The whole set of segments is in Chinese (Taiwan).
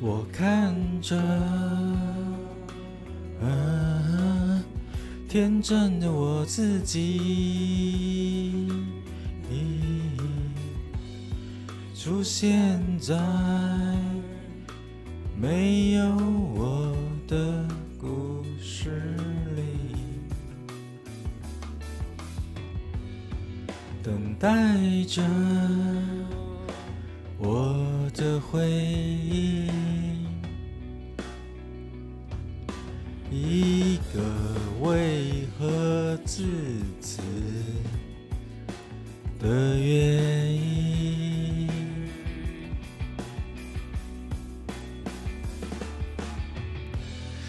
我看着，啊，天真的我自己，你出現在沒有我的故事裡，等待着。我的回憶，一個為何至此的原因。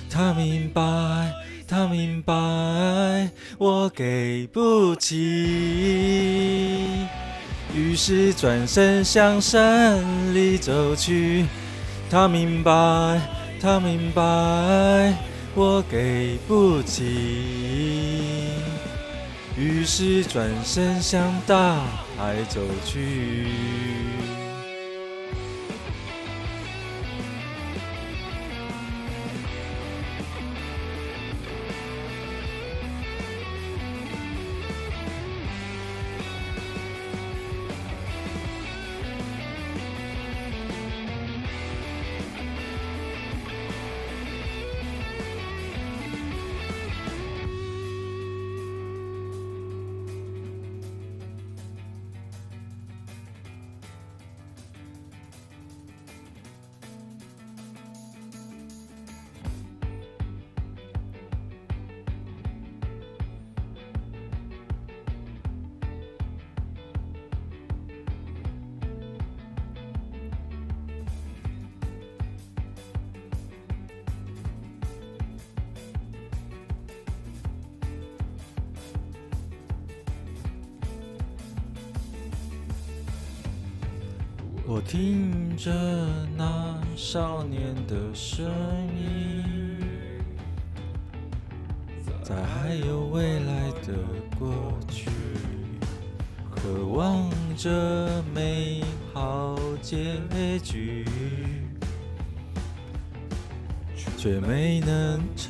他明白，他明白，我給不起。於是轉身向山裡走去，他明白，他明白，我給不起。於是轉身向大海走去。我聽着那少年的聲音，在還有未來的過去，渴望着美好結局，卻沒能成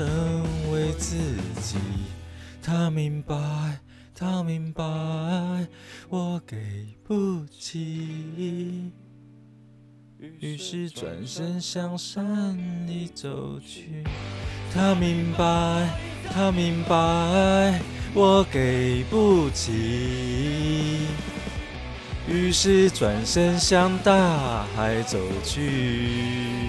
為自己。他明白，他明白，我給不起。於是轉身向山裡走去，他明白，他明白，我給不起。於是轉身向大海走去。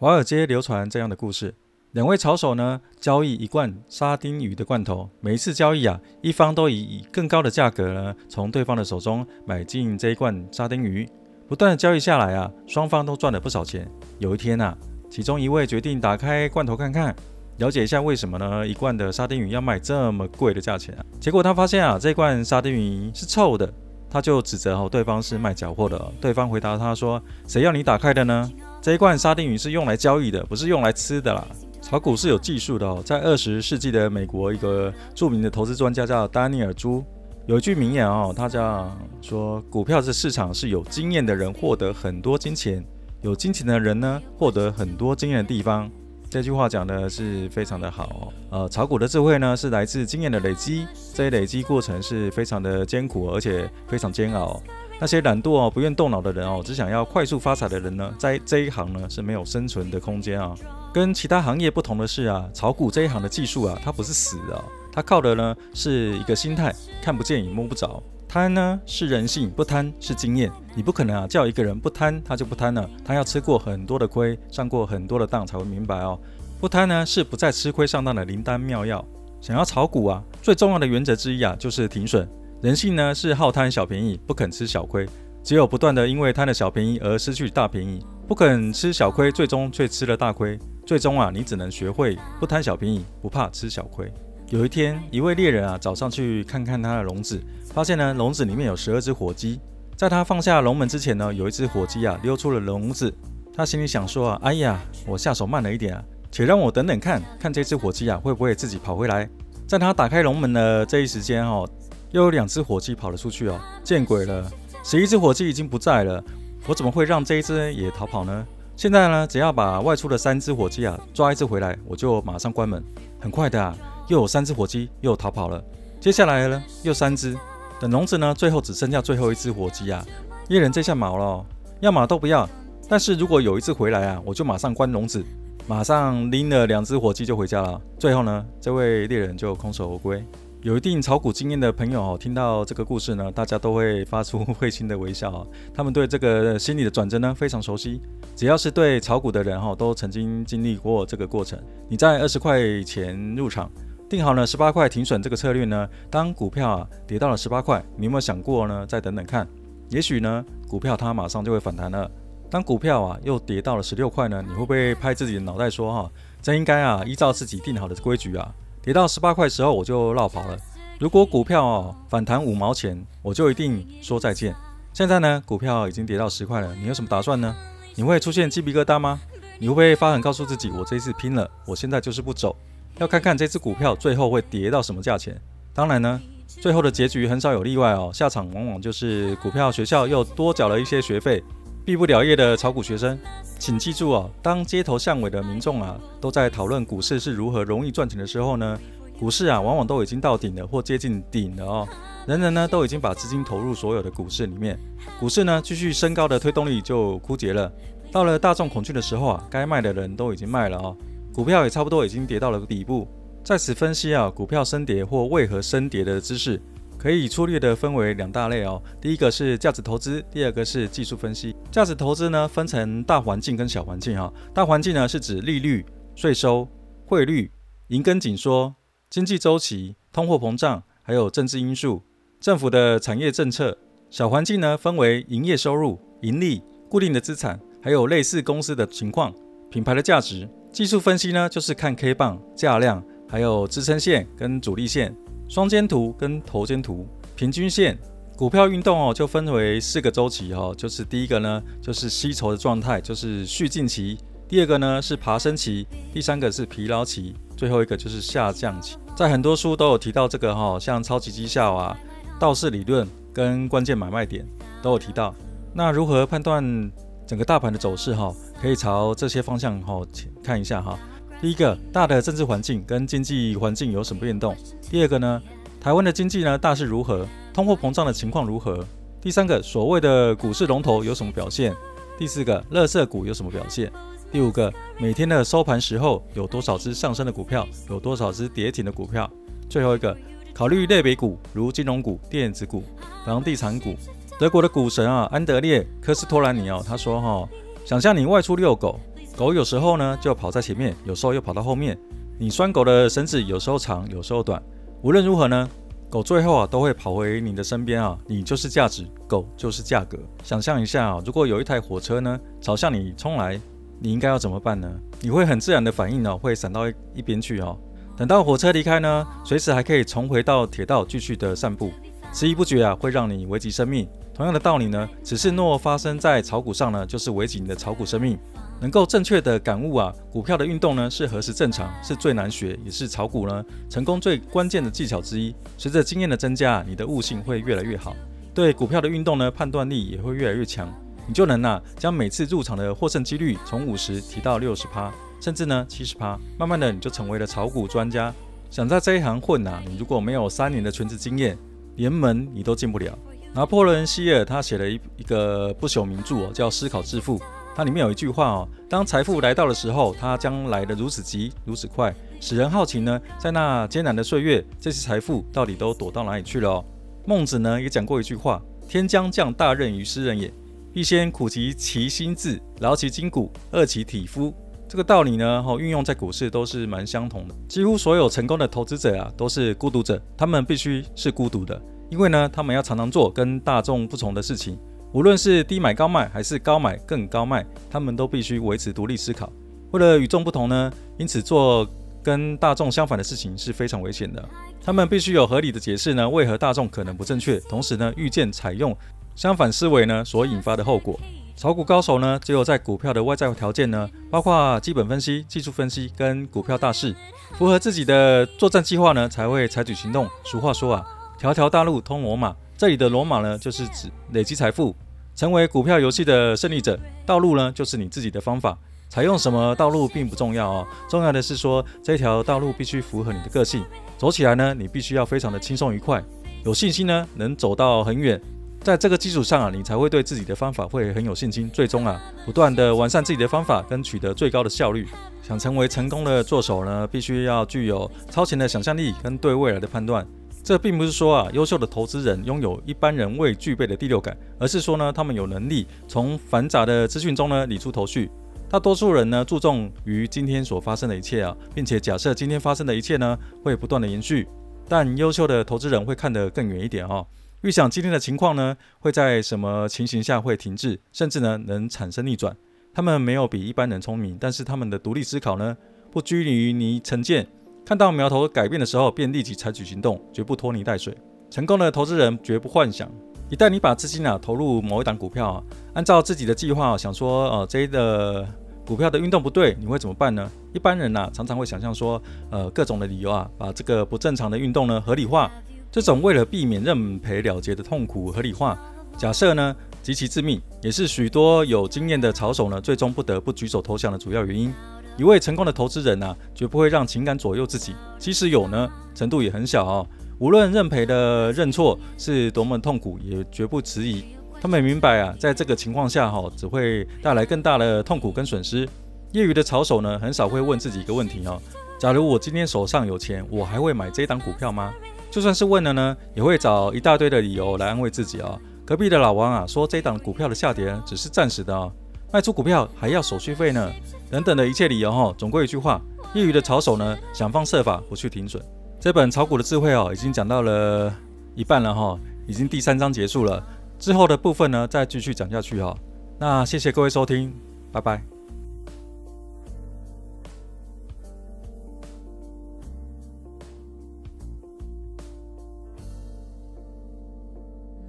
華爾街流傳這樣的故事：兩位炒手呢交易，一罐沙丁魚的罐頭，每一次交易啊，一方都以更高的價格呢從對方的手中買進這一罐沙丁魚。不斷的交易下來啊，雙方都賺了不少錢。有一天啊，其中一位決定打開罐頭看看，了解一下為什麼呢一罐的沙丁魚要賣這麼貴的價錢啊？結果他發現啊，這罐沙丁魚是臭的，他就指責哦對方是賣假貨的。對方回答他說：“誰要你打開的呢？”這一罐沙丁魚是用來交易的，不是用來吃的啦。炒股是有技術的哦。在二十世紀的美國，一個著名的投資專家叫丹尼爾·朱，有一句名言哦，他這樣說：“股票是市場是有經驗的人獲得很多金錢，有金錢的人呢獲得很多經驗的地方。”這句話講的是非常的好哦。呃，炒股的智慧呢是來自經驗的累積，這一累積過程是非常的艱苦哦，而且非常煎熬哦。那些懶惰哦、不願動腦的人哦，只想要快速發財的人呢，在這一行呢是沒有生存的空間啊、哦。跟其他行業不同的是啊，炒股這一行的技術啊，它不是死的、哦，它靠的呢是一個心態，看不見也摸不着。貪呢是人性，不貪是經驗。你不可能啊叫一個人不貪，他就不貪了。他要吃過很多的虧，上過很多的當才會明白哦。不貪呢是不再吃虧上當的靈丹妙藥。想要炒股啊，最重要的原則之一啊就是停損。人性呢是好貪小便宜，不肯吃小虧。只有不斷地因為貪了小便宜而失去大便宜，不肯吃小虧，最終卻吃了大虧。最終啊，你只能學會不貪小便宜，不怕吃小虧。有一天，一位獵人啊，早上去看看他的籠子，發現呢籠子裡面有十二隻火雞。在他放下籠門之前呢，有一隻火雞啊溜出了籠子。他心裡想說啊，哎呀，我下手慢了一點啊，且讓我等等看看這隻火雞啊會不會自己跑回來。在他打開籠門的這一時間哦……又有兩隻火雞跑了出去哦，見鬼了，十一隻火雞已經不在了，我怎麼會讓這一隻也逃跑呢？現在呢，只要把外出的三隻火雞啊抓一隻回來，我就馬上關門。很快的啊，又有三隻火雞又逃跑了。接下來呢，又三隻。等籠子呢，最後只剩下最後一隻火雞啊，獵人這下毛了哦，要嘛都不要。但是如果有一隻回來啊，我就馬上關籠子，馬上拎了兩隻火雞就回家了。最後呢，這位獵人就空手而歸。有一定炒股經驗的朋友聽到這個故事呢，大家都會發出會心的微笑啊。他們對這個心理的轉折呢，非常熟悉。只要是對炒股的人哈，都曾經經歷過這個過程。你在二十塊錢入場，定好了十八塊停損這個策略呢，當股票啊跌到了十八塊，你有沒有想過呢？再等等看，也許呢，股票它馬上就會反彈了。當股票啊又跌到了十六塊呢，你會不會拍自己的腦袋說哈，真應該啊，依照自己定好的規矩啊？跌到十八塊時候我就落跑了。如果股票、哦、反彈五毛錢，我就一定說再見。現在呢，股票已經跌到十塊了，你有什麼打算呢？你會出現雞皮疙瘩嗎？你會不會發狠告訴自己，我這一次拼了，我現在就是不走，要看看這只股票最後會跌到什麼價錢？當然呢，最後的結局很少有例外哦，下場往往就是股票學校又多繳了一些學費。畢不了業的炒股學生，請記住哦：當街頭巷尾的民眾啊，都在討論股市是如何容易賺錢的時候呢，股市啊，往往都已經到頂了或接近頂了哦。人人呢，都已經把資金投入所有的股市裡面，股市呢，繼續升高的推動力就枯竭了。到了大眾恐懼的時候啊，該賣的人都已經賣了哦，股票也差不多已經跌到了底部。在此分析啊，股票升跌或為何升跌的知識。可以粗略地分為兩大類哦，第一個是價值投資，第二個是技術分析。價值投資呢，分成大環境跟小環境哈、哦。大環境呢是指利率、稅收、匯率、銀根緊縮、經濟週期、通貨膨脹，還有政治因素、政府的產業政策。小環境呢分為營業收入、盈利、固定的資產，還有類似公司的情況、品牌的價值。技術分析呢就是看 K 棒、價量，還有支撐線跟阻力線。雙肩圖跟頭肩圖平均線，股票運動哦就分為四個週期哈，就是第一個呢就是吸籌的狀態，就是蓄勁期；第二個呢是爬升期；第三個是疲勞期；最後一個就是下降期。在很多書都有提到這個哈，像超級績效啊、道氏理論跟關鍵買賣點都有提到。那如何判斷整個大盤的走勢哈？可以朝這些方向哈看一下哈。第一個大的政治環境跟經濟環境有什麼變動？第二個呢，台灣的經濟呢大勢如何？通貨膨脹的情況如何？第三個，所謂的股市龍頭有什麼表現？第四個，垃圾股有什麼表現？第五個，每天的收盤時候有多少隻上升的股票？有多少隻跌停的股票？最後一個，考慮類別股，如金融股、電子股、房地產股。德國的股神啊，安德烈·科斯托蘭尼哦，他說哈、哦，想象你外出遛狗。狗有時候呢就跑在前面，有時候又跑到後面。你拴狗的繩子有時候長，有時候短。無論如何呢，狗最後啊都會跑回你的身邊啊。你就是價值，狗就是價格。想象一下啊，如果有一台火車呢朝向你衝來，你應該要怎麼辦呢？你會很自然的反應呢、哦，會閃到一,一邊去啊、哦。等到火車離開呢，隨時還可以重回到鐵道繼續的散步。遲疑不決啊，會讓你危及生命。同樣的道理呢，此事若發生在炒股上呢，就是危及你的炒股生命。能夠正確的感悟啊，股票的運動呢是何時正常是最難學，也是炒股呢成功最關鍵的技巧之一。隨着經驗的增加，你的悟性會越來越好，對股票的運動呢判斷力也會越來越強，你就能吶、啊、將每次入場的獲勝幾率從五十提到六十趴，甚至呢七十趴。慢慢的你就成為了炒股專家。想在這一行混吶、啊，你如果沒有三年的全職經驗，連門你都進不了。拿破崙希爾他寫了一一個不朽名著哦，叫《思考致富》。它裡面有一句話哦，當財富來到的時候，它將來得如此急如此快，使人好奇呢。在那艱難的歲月，這些財富到底都躲到哪裡去了哦？孟子呢也講過一句話：“天將降大任於斯人也，必先苦其其心志，勞其筋骨，餓其體膚。”這個道理呢，哦，運用在股市都是蠻相同的。幾乎所有成功的投資者啊，都是孤獨者，他們必須是孤獨的，因為呢，他們要常常做跟大眾不同的事情。無論是低買高賣還是高買更高賣，他們都必須維持獨立思考。為了與眾不同呢，因此做跟大眾相反的事情是非常危險的。他們必須有合理的解釋呢，為何大眾可能不正確。同時呢，預見採用相反思維呢所引發的後果。炒股高手呢，只有在股票的外在條件呢，包括基本分析、技術分析跟股票大勢符合自己的作戰計劃呢，才會採取行動。俗話說啊，條條大路通羅馬。這裡的羅馬呢，就是指累積財富，成為股票遊戲的勝利者。道路呢，就是你自己的方法。採用什麼道路並不重要啊，重要的是說這條道路必須符合你的個性。走起來呢，你必須要非常的輕鬆愉快，有信心呢，能走到很遠。在這個基礎上啊，你才會對自己的方法會很有信心。最終啊，不斷的完善自己的方法，跟取得最高的效率。想成為成功的作手呢，必須要具有超前的想象力跟對未來的判斷。這並不是說啊，優秀的投資人擁有一般人未具備的第六感，而是說呢，他們有能力從繁雜的資訊中呢，理出頭緒。大多數人呢，注重於今天所發生的一切啊，並且假設今天發生的一切呢會不斷的延續。但優秀的投資人會看得更遠一點哦，預想今天的情況呢會在什麼情形下會停滯，甚至呢能產生逆轉。他們沒有比一般人聰明，但是他們的獨立思考呢不拘泥於你成見。看到苗頭改變的時候，便立即採取行動，絕不拖泥帶水。成功的投資人絕不幻想。一旦你把資金啊投入某一檔股票、啊，按照自己的計劃、啊、想說，哦、呃，這一的股票的運動不對，你會怎麼辦呢？一般人吶、啊，常常會想象說，呃，各種的理由啊，把這個不正常的運動呢合理化。這種為了避免認賠了結的痛苦合理化假設呢，極其致命，也是許多有經驗的炒手呢最終不得不舉手投降的主要原因。一位成功的投資人呢、啊，絕不會讓情感左右自己，即使有呢，程度也很小哦，無論認賠的認錯是多麼痛苦，也絕不遲疑。他們也明白啊，在這個情況下哈、哦，只會帶來更大的痛苦跟損失。業餘的炒手呢，很少會問自己一個問題哦：假如我今天手上有錢，我還會買這檔股票嗎？就算是問了呢，也會找一大堆的理由來安慰自己啊、哦。隔壁的老王啊，說這檔股票的下跌只是暫時的啊、哦，賣出股票還要手續費呢。等等的一切理由哈，總歸一句話，業餘的炒手呢，想方設法不去停損。這本炒股的智慧哦，已經講到了一半了哈、哦，已經第三章結束了，之後的部分呢，再繼續講下去哈、哦。那謝謝各位收聽，拜拜。